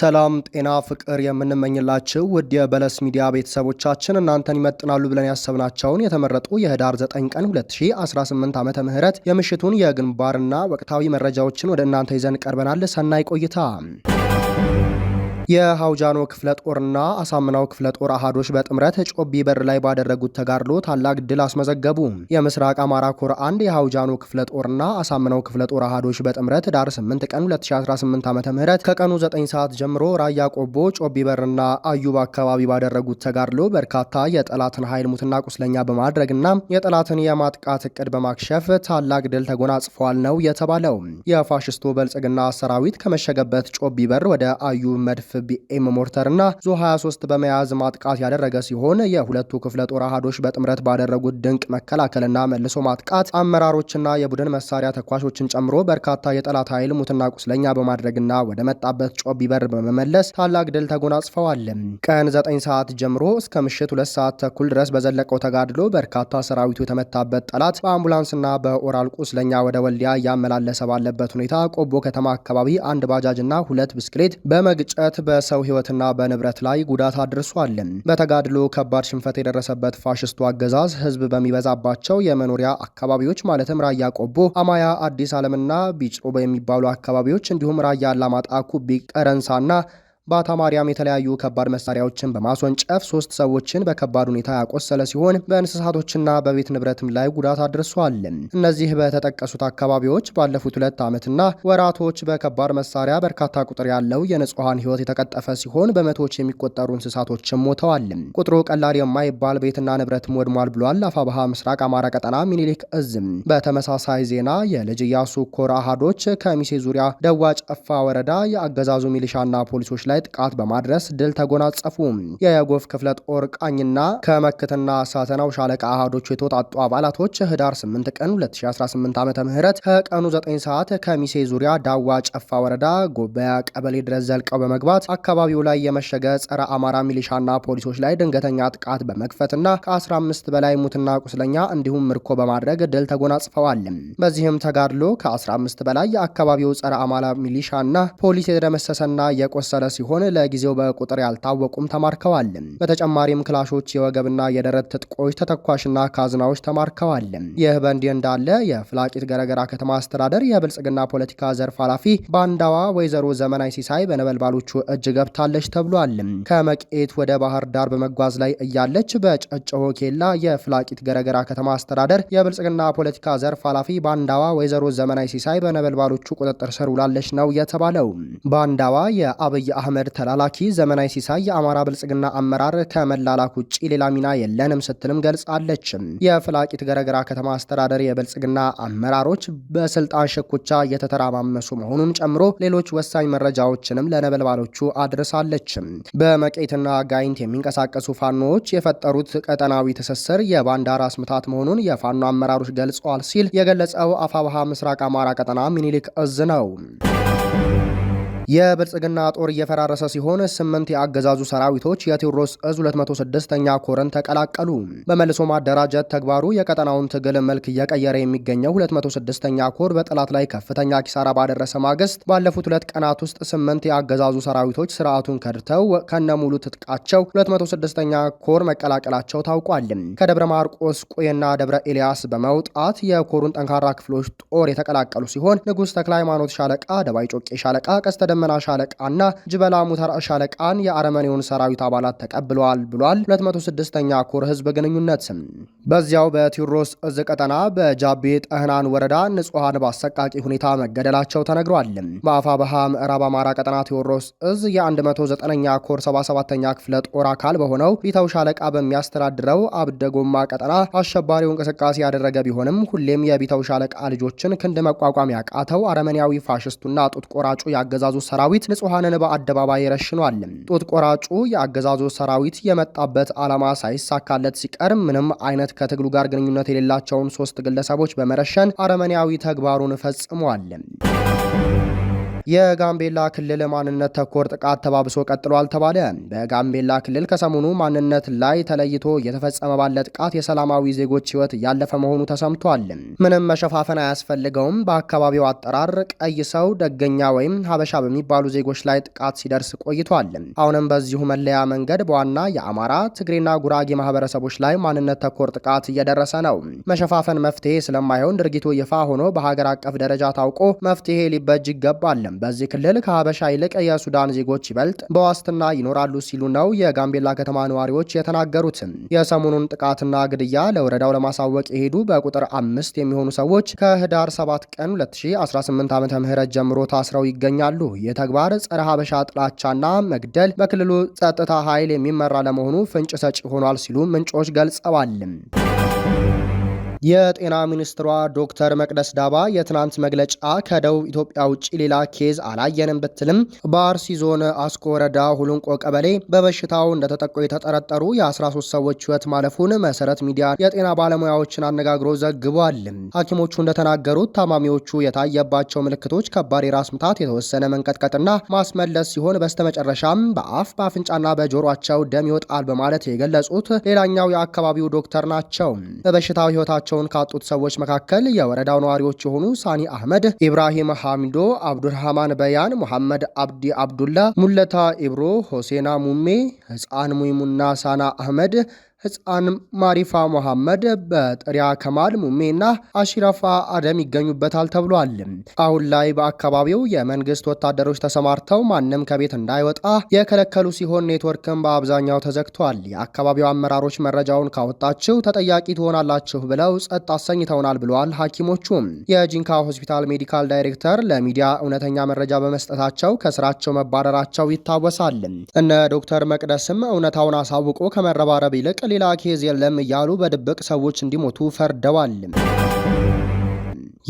ሰላም ጤና ፍቅር የምንመኝላችሁ ውድ የበለስ ሚዲያ ቤተሰቦቻችን እናንተን ይመጥናሉ ብለን ያሰብናቸውን የተመረጡ የህዳር 9 ቀን 2018 ዓመተ ምህረት የምሽቱን የግንባርና ወቅታዊ መረጃዎችን ወደ እናንተ ይዘን ቀርበናል። ሰናይ ቆይታ የሀውጃኖ ክፍለ ጦርና አሳምናው ክፍለ ጦር አሃዶች በጥምረት ጮቢ በር ላይ ባደረጉት ተጋድሎ ታላቅ ድል አስመዘገቡ። የምስራቅ አማራ ኮር አንድ የሀውጃኖ ክፍለ ጦርና አሳምናው ክፍለ ጦር አሃዶች በጥምረት ዳር 8 ቀን 2018 ዓ ም ከቀኑ 9 ሰዓት ጀምሮ ራያ ቆቦ ጮቢ በርና አዩብ አካባቢ ባደረጉት ተጋድሎ በርካታ የጠላትን ኃይል ሙትና ቁስለኛ በማድረግና የጠላትን የማጥቃት እቅድ በማክሸፍ ታላቅ ድል ተጎናጽፏል ነው የተባለው። የፋሽስቶ ብልጽግና ሰራዊት ከመሸገበት ጮቢ በር ወደ አዩብ መድፍ ኤፍቢኤም ሞርተርና ዙ 23 በመያዝ ማጥቃት ያደረገ ሲሆን የሁለቱ ክፍለ ጦር አህዶች በጥምረት ባደረጉት ድንቅ መከላከልና መልሶ ማጥቃት አመራሮችና የቡድን መሳሪያ ተኳሾችን ጨምሮ በርካታ የጠላት ኃይል ሙትና ቁስለኛ በማድረግና ወደ መጣበት ጮቢ በር በመመለስ ታላቅ ድል ተጎናጽፈዋል። ቀን 9 ሰዓት ጀምሮ እስከ ምሽት ሁለት ሰዓት ተኩል ድረስ በዘለቀው ተጋድሎ በርካታ ሰራዊቱ የተመታበት ጠላት በአምቡላንስና በኦራል ቁስለኛ ወደ ወልዲያ እያመላለሰ ባለበት ሁኔታ ቆቦ ከተማ አካባቢ አንድ ባጃጅና ሁለት ብስክሌት በመግጨት በሰው ህይወትና በንብረት ላይ ጉዳት አድርሷል። በተጋድሎ ከባድ ሽንፈት የደረሰበት ፋሽስቱ አገዛዝ ህዝብ በሚበዛባቸው የመኖሪያ አካባቢዎች ማለትም ራያ ቆቦ፣ አማያ፣ አዲስ ዓለምና ቢጭሮ የሚባሉ አካባቢዎች እንዲሁም ራያ አላማጣ፣ ኩቢ፣ ቀረንሳና ባታ ማርያም የተለያዩ ከባድ መሳሪያዎችን በማስወንጨፍ ሶስት ሰዎችን በከባድ ሁኔታ ያቆሰለ ሲሆን በእንስሳቶችና በቤት ንብረትም ላይ ጉዳት አድርሷል። እነዚህ በተጠቀሱት አካባቢዎች ባለፉት ሁለት ዓመትና ወራቶች በከባድ መሳሪያ በርካታ ቁጥር ያለው የንጹሐን ሕይወት የተቀጠፈ ሲሆን በመቶዎች የሚቆጠሩ እንስሳቶችም ሞተዋል። ቁጥሩ ቀላል የማይባል ቤትና ንብረትም ወድሟል ብሏል አፋባሃ ምስራቅ አማራ ቀጠና ሚኒሊክ እዝም። በተመሳሳይ ዜና የልጅ ኢያሱ ኮር አሃዶች ከሚሴ ዙሪያ ደዋ ጨፋ ወረዳ የአገዛዙ ሚሊሻና ፖሊሶች ላይ ላይ ጥቃት በማድረስ ድል ተጎናጸፉ። የየጎፍ ክፍለ ጦር ቃኝና ከመክትና ሳተናው ሻለቃ አህዶቹ የተወጣጡ አባላቶች ህዳር 8 ቀን 2018 ዓ ም ከቀኑ 9 ሰዓት ከሚሴ ዙሪያ ዳዋ ጨፋ ወረዳ ጎበያ ቀበሌ ድረስ ዘልቀው በመግባት አካባቢው ላይ የመሸገ ጸረ አማራ ሚሊሻና ፖሊሶች ላይ ድንገተኛ ጥቃት በመክፈትና ከ15 በላይ ሙትና ቁስለኛ እንዲሁም ምርኮ በማድረግ ድል ተጎናጽፈዋል። በዚህም ተጋድሎ ከ15 በላይ የአካባቢው ጸረ አማራ ሚሊሻና ፖሊስ የደመሰሰና የቆሰለ ሲሆን ሲሆን ለጊዜው በቁጥር ያልታወቁም ተማርከዋል። በተጨማሪም ክላሾች፣ የወገብና የደረት ትጥቆች፣ ተተኳሽና ካዝናዎች ተማርከዋል። ይህ በእንዲህ እንዳለ የፍላቂት ገረገራ ከተማ አስተዳደር የብልጽግና ፖለቲካ ዘርፍ ኃላፊ ባንዳዋ ወይዘሮ ዘመናዊ ሲሳይ በነበልባሎቹ እጅ ገብታለች ተብሏል። ከመቄት ወደ ባህር ዳር በመጓዝ ላይ እያለች በጨጨሆ ኬላ የፍላቂት ገረገራ ከተማ አስተዳደር የብልጽግና ፖለቲካ ዘርፍ ኃላፊ ባንዳዋ ወይዘሮ ዘመናዊ ሲሳይ በነበልባሎቹ ቁጥጥር ስር ውላለች ነው የተባለው። ባንዳዋ የአብይ አህ አህመድ ተላላኪ ዘመናዊ ሲሳይ የአማራ ብልጽግና አመራር ከመላላክ ውጭ ሌላ ሚና የለንም ስትልም ገልጻለች። የፍላቂት ገረገራ ከተማ አስተዳደር የብልጽግና አመራሮች በስልጣን ሽኩቻ እየተተራማመሱ መሆኑን ጨምሮ ሌሎች ወሳኝ መረጃዎችንም ለነበልባሎቹ አድርሳለች። በመቄትና ጋይንት የሚንቀሳቀሱ ፋኖዎች የፈጠሩት ቀጠናዊ ትስስር የባንዳ ራስ ምታት መሆኑን የፋኖ አመራሮች ገልጸዋል ሲል የገለጸው አፋብሃ ምስራቅ አማራ ቀጠና ሚኒሊክ እዝ ነው። የብልጽግና ጦር እየፈራረሰ ሲሆን ስምንት የአገዛዙ ሰራዊቶች የቴዎድሮስ እዝ 206ኛ ኮርን ተቀላቀሉ። በመልሶ ማደራጀት ተግባሩ የቀጠናውን ትግል መልክ እየቀየረ የሚገኘው 26 ኛ ኮር በጠላት ላይ ከፍተኛ ኪሳራ ባደረሰ ማግስት ባለፉት ሁለት ቀናት ውስጥ ስምንት የአገዛዙ ሰራዊቶች ስርዓቱን ከድተው ከነሙሉ ትጥቃቸው 206ኛ ኮር መቀላቀላቸው ታውቋል። ከደብረ ማርቆስ ቁይና ደብረ ኤልያስ በመውጣት የኮሩን ጠንካራ ክፍሎች ጦር የተቀላቀሉ ሲሆን ንጉሥ ተክለ ሃይማኖት ሻለቃ፣ ደባይ ጮቄ ሻለቃ፣ ቀስተ የደመና ሻለቃና ጅበላ ሙተር ሻለቃን የአረመኔውን ሰራዊት አባላት ተቀብለዋል ብሏል 26 206ኛ ኮር ህዝብ ግንኙነት ስም በዚያው በቴዎድሮስ እዝ ቀጠና በጃቤ ጠህናን ወረዳ ንጹሐን በአሰቃቂ ሁኔታ መገደላቸው ተነግሯል። በአፋ በሃ ምዕራብ አማራ ቀጠና ቴዎድሮስ እዝ የ109ኛ ኮር 77ኛ ክፍለ ጦር አካል በሆነው ቢተው ሻለቃ በሚያስተዳድረው አብደጎማ ቀጠና አሸባሪው እንቅስቃሴ ያደረገ ቢሆንም ሁሌም የቢተው ሻለቃ ልጆችን ክንድ መቋቋም ያቃተው አረመኔያዊ ፋሽስቱና ጡት ቆራጩ ያገዛዙ ሰራዊት ንጹሐንን በአደባባይ ረሽኗል። ጡት ቆራጩ የአገዛዙ ሰራዊት የመጣበት ዓላማ ሳይሳካለት ሲቀር ምንም አይነት ከትግሉ ጋር ግንኙነት የሌላቸውን ሶስት ግለሰቦች በመረሸን አረመኔያዊ ተግባሩን ፈጽሟል። የጋምቤላ ክልል ማንነት ተኮር ጥቃት ተባብሶ ቀጥሏል ተባለ። በጋምቤላ ክልል ከሰሞኑ ማንነት ላይ ተለይቶ እየተፈጸመ ባለ ጥቃት የሰላማዊ ዜጎች ህይወት ያለፈ መሆኑ ተሰምቷል። ምንም መሸፋፈን አያስፈልገውም። በአካባቢው አጠራር ቀይ ሰው፣ ደገኛ ወይም ሀበሻ በሚባሉ ዜጎች ላይ ጥቃት ሲደርስ ቆይቷል። አሁንም በዚሁ መለያ መንገድ በዋና የአማራ ትግሬና ጉራጌ ማህበረሰቦች ላይ ማንነት ተኮር ጥቃት እየደረሰ ነው። መሸፋፈን መፍትሄ ስለማይሆን ድርጊቱ ይፋ ሆኖ በሀገር አቀፍ ደረጃ ታውቆ መፍትሄ ሊበጅ ይገባል። በዚህ ክልል ከሀበሻ ይልቅ የሱዳን ዜጎች ይበልጥ በዋስትና ይኖራሉ ሲሉ ነው የጋምቤላ ከተማ ነዋሪዎች የተናገሩት። የሰሞኑን ጥቃትና ግድያ ለወረዳው ለማሳወቅ የሄዱ በቁጥር አምስት የሚሆኑ ሰዎች ከህዳር 7 ቀን 2018 ዓ ም ጀምሮ ታስረው ይገኛሉ። የተግባር ጸረ ሀበሻ ጥላቻና መግደል በክልሉ ጸጥታ ኃይል የሚመራ ለመሆኑ ፍንጭ ሰጪ ሆኗል ሲሉ ምንጮች ገልጸዋል። የጤና ሚኒስትሯ ዶክተር መቅደስ ዳባ የትናንት መግለጫ ከደቡብ ኢትዮጵያ ውጭ ሌላ ኬዝ አላየንም ብትልም በአርሲ ዞን አስኮ ወረዳ ሁሉንቆ ቀበሌ በበሽታው እንደተጠቆ የተጠረጠሩ የ13 ሰዎች ህይወት ማለፉን መሰረት ሚዲያ የጤና ባለሙያዎችን አነጋግሮ ዘግቧል። ሐኪሞቹ እንደተናገሩት ታማሚዎቹ የታየባቸው ምልክቶች ከባድ የራስ ምታት፣ የተወሰነ መንቀጥቀጥና ማስመለስ ሲሆን በስተመጨረሻም በአፍ በአፍንጫና በጆሯቸው ደም ይወጣል በማለት የገለጹት ሌላኛው የአካባቢው ዶክተር ናቸው። በበሽታው ህይወታቸው ህይወታቸውን ካጡት ሰዎች መካከል የወረዳው ነዋሪዎች የሆኑ ሳኒ አህመድ፣ ኢብራሂም ሐሚዶ፣ አብዱርሃማን በያን፣ ሙሐመድ አብዲ አብዱላ፣ ሙለታ ኢብሮ፣ ሆሴና ሙሜ፣ ህፃን ሙይሙና ሳና አህመድ ህፃን ማሪፋ ሞሐመድ በጥሪያ ከማል ሙሜና አሽራፋ አደም ይገኙበታል ተብሏል። አሁን ላይ በአካባቢው የመንግስት ወታደሮች ተሰማርተው ማንም ከቤት እንዳይወጣ የከለከሉ ሲሆን ኔትወርክም በአብዛኛው ተዘግቷል። የአካባቢው አመራሮች መረጃውን ካወጣችሁ ተጠያቂ ትሆናላችሁ ብለው ጸጥ አሰኝተውናል ብለዋል ሐኪሞቹም። የጂንካ ሆስፒታል ሜዲካል ዳይሬክተር ለሚዲያ እውነተኛ መረጃ በመስጠታቸው ከስራቸው መባረራቸው ይታወሳል። እነ ዶክተር መቅደስም እውነታውን አሳውቆ ከመረባረብ ይልቅ ሌላ ኬዝ የለም እያሉ በድብቅ ሰዎች እንዲሞቱ ፈርደዋል።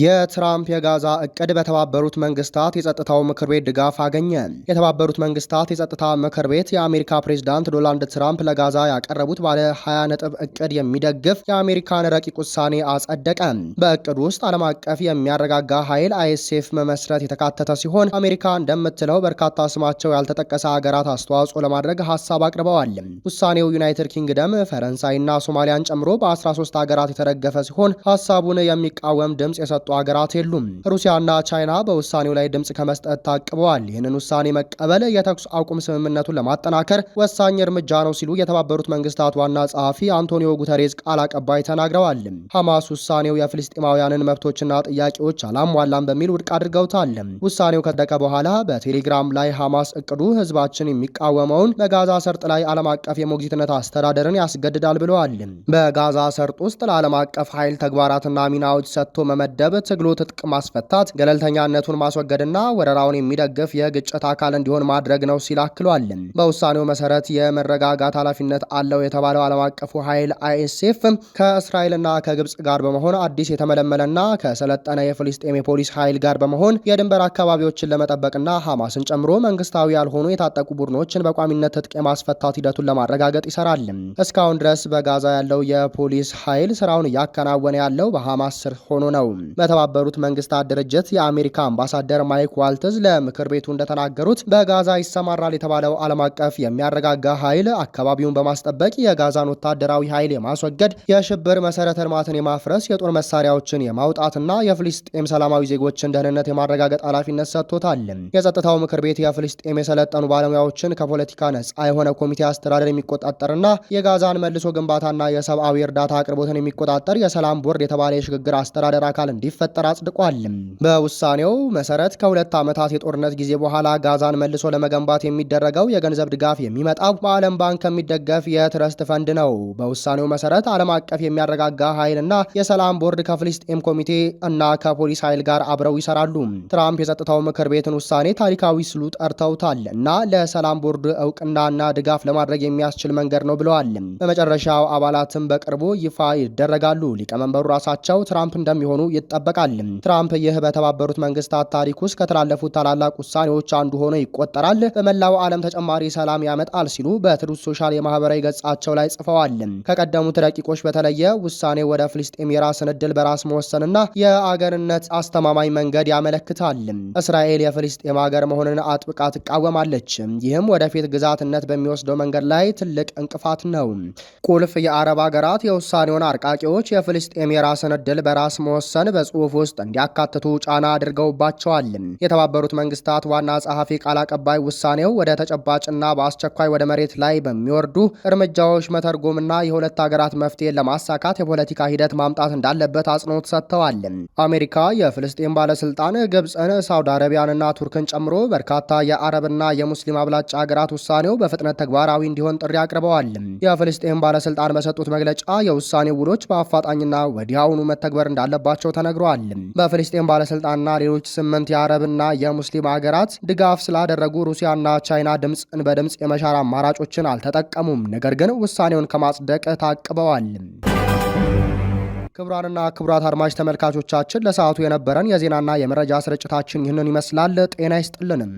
የትራምፕ የጋዛ እቅድ በተባበሩት መንግስታት የጸጥታው ምክር ቤት ድጋፍ አገኘ። የተባበሩት መንግስታት የጸጥታ ምክር ቤት የአሜሪካ ፕሬዝዳንት ዶናልድ ትራምፕ ለጋዛ ያቀረቡት ባለ 20 ነጥብ እቅድ የሚደግፍ የአሜሪካን ረቂቅ ውሳኔ አጸደቀ። በእቅዱ ውስጥ ዓለም አቀፍ የሚያረጋጋ ኃይል አይኤስኤፍ መመስረት የተካተተ ሲሆን አሜሪካ እንደምትለው በርካታ ስማቸው ያልተጠቀሰ ሀገራት አስተዋጽኦ ለማድረግ ሀሳብ አቅርበዋል። ውሳኔው ዩናይትድ ኪንግደም፣ ፈረንሳይና ሶማሊያን ጨምሮ በ13 ሀገራት የተደገፈ ሲሆን ሀሳቡን የሚቃወም ድምጽ የሰጡ ያጡ ሀገራት የሉም። ሩሲያና ቻይና በውሳኔው ላይ ድምፅ ከመስጠት ታቅበዋል። ይህንን ውሳኔ መቀበል የተኩስ አቁም ስምምነቱን ለማጠናከር ወሳኝ እርምጃ ነው ሲሉ የተባበሩት መንግስታት ዋና ጸሐፊ አንቶኒዮ ጉተሬዝ ቃል አቀባይ ተናግረዋል። ሐማስ ውሳኔው የፍልስጤማውያንን መብቶችና ጥያቄዎች አላሟላም በሚል ውድቅ አድርገውታል። ውሳኔው ከደቀ በኋላ በቴሌግራም ላይ ሐማስ እቅዱ ህዝባችን የሚቃወመውን በጋዛ ሰርጥ ላይ ዓለም አቀፍ የሞግዚትነት አስተዳደርን ያስገድዳል ብለዋል። በጋዛ ሰርጥ ውስጥ ለዓለም አቀፍ ኃይል ተግባራትና ሚናዎች ሰጥቶ መመደብ በትግሉ ትጥቅ ማስፈታት፣ ገለልተኛነቱን ማስወገድና ወረራውን የሚደግፍ የግጭት አካል እንዲሆን ማድረግ ነው ሲል አክሏል። በውሳኔው መሰረት የመረጋጋት ኃላፊነት አለው የተባለው ዓለም አቀፉ ኃይል አይኤስኤፍ ከእስራኤልና ከግብጽ ጋር በመሆን አዲስ የተመለመለና ከሰለጠነ የፍልስጤም የፖሊስ ኃይል ጋር በመሆን የድንበር አካባቢዎችን ለመጠበቅና ሐማስን ጨምሮ መንግስታዊ ያልሆኑ የታጠቁ ቡድኖችን በቋሚነት ትጥቅ የማስፈታት ሂደቱን ለማረጋገጥ ይሰራል። እስካሁን ድረስ በጋዛ ያለው የፖሊስ ኃይል ስራውን እያከናወነ ያለው በሐማስ ስር ሆኖ ነው። በተባበሩት መንግስታት ድርጅት የአሜሪካ አምባሳደር ማይክ ዋልትዝ ለምክር ቤቱ እንደተናገሩት በጋዛ ይሰማራል የተባለው ዓለም አቀፍ የሚያረጋጋ ኃይል አካባቢውን በማስጠበቅ የጋዛን ወታደራዊ ኃይል የማስወገድ፣ የሽብር መሰረተ ልማትን የማፍረስ፣ የጦር መሳሪያዎችን የማውጣትና የፍልስጤም ሰላማዊ ዜጎችን ደህንነት የማረጋገጥ ኃላፊነት ሰጥቶታል። የጸጥታው ምክር ቤት የፍልስጤም የሰለጠኑ ባለሙያዎችን ከፖለቲካ ነጻ የሆነ ኮሚቴ አስተዳደር የሚቆጣጠርና የጋዛን መልሶ ግንባታና የሰብአዊ እርዳታ አቅርቦትን የሚቆጣጠር የሰላም ቦርድ የተባለ የሽግግር አስተዳደር አካል እንዲ እንዲፈጠር አጽድቋል። በውሳኔው መሰረት ከሁለት ዓመታት የጦርነት ጊዜ በኋላ ጋዛን መልሶ ለመገንባት የሚደረገው የገንዘብ ድጋፍ የሚመጣው በዓለም ባንክ ከሚደገፍ የትረስት ፈንድ ነው። በውሳኔው መሰረት ዓለም አቀፍ የሚያረጋጋ ኃይልና የሰላም ቦርድ ከፍልስጤም ኮሚቴ እና ከፖሊስ ኃይል ጋር አብረው ይሰራሉ። ትራምፕ የጸጥታው ምክር ቤትን ውሳኔ ታሪካዊ ስሉ ጠርተውታል እና ለሰላም ቦርድ እውቅናና ድጋፍ ለማድረግ የሚያስችል መንገድ ነው ብለዋል። በመጨረሻው አባላትም በቅርቡ ይፋ ይደረጋሉ። ሊቀመንበሩ ራሳቸው ትራምፕ እንደሚሆኑ ይጠ ይጠበቃል። ትራምፕ ይህ በተባበሩት መንግስታት ታሪክ ውስጥ ከተላለፉት ታላላቅ ውሳኔዎች አንዱ ሆኖ ይቆጠራል፣ በመላው ዓለም ተጨማሪ ሰላም ያመጣል ሲሉ በትሩዝ ሶሻል የማህበራዊ ገጻቸው ላይ ጽፈዋል። ከቀደሙት ረቂቆች በተለየ ውሳኔ ወደ ፍልስጤም የራስን እድል በራስ መወሰንና የአገርነት አስተማማኝ መንገድ ያመለክታል። እስራኤል የፍልስጤም ሀገር መሆንን አጥብቃ ትቃወማለች። ይህም ወደፊት ግዛትነት በሚወስደው መንገድ ላይ ትልቅ እንቅፋት ነው። ቁልፍ የአረብ ሀገራት የውሳኔውን አርቃቂዎች የፍልስጤም የራስን እድል በራስ መወሰን በጽሑፍ ውስጥ እንዲያካትቱ ጫና አድርገውባቸዋል። የተባበሩት መንግስታት ዋና ጸሐፊ ቃል አቀባይ ውሳኔው ወደ ተጨባጭና በአስቸኳይ ወደ መሬት ላይ በሚወርዱ እርምጃዎች መተርጎምና የሁለት ሀገራት መፍትሄ ለማሳካት የፖለቲካ ሂደት ማምጣት እንዳለበት አጽንኦት ሰጥተዋል። አሜሪካ የፍልስጤን ባለስልጣን ግብፅን፣ ሳውዲ አረቢያንና ቱርክን ጨምሮ በርካታ የአረብና የሙስሊም አብላጫ ሀገራት ውሳኔው በፍጥነት ተግባራዊ እንዲሆን ጥሪ አቅርበዋል። የፍልስጤን ባለስልጣን በሰጡት መግለጫ የውሳኔ ውሎች በአፋጣኝና ወዲያውኑ መተግበር እንዳለባቸው ተነግሯል። ተናግረዋል። በፍልስጤም ባለስልጣንና ሌሎች ስምንት የአረብና የሙስሊም ሀገራት ድጋፍ ስላደረጉ ሩሲያና ቻይና ድምፅን በድምፅ የመሻር አማራጮችን አልተጠቀሙም፣ ነገር ግን ውሳኔውን ከማጽደቅ ታቅበዋል። ክቡራንና ክቡራት አድማጭ ተመልካቾቻችን ለሰዓቱ የነበረን የዜናና የመረጃ ስርጭታችን ይህንን ይመስላል። ጤና ይስጥልንም።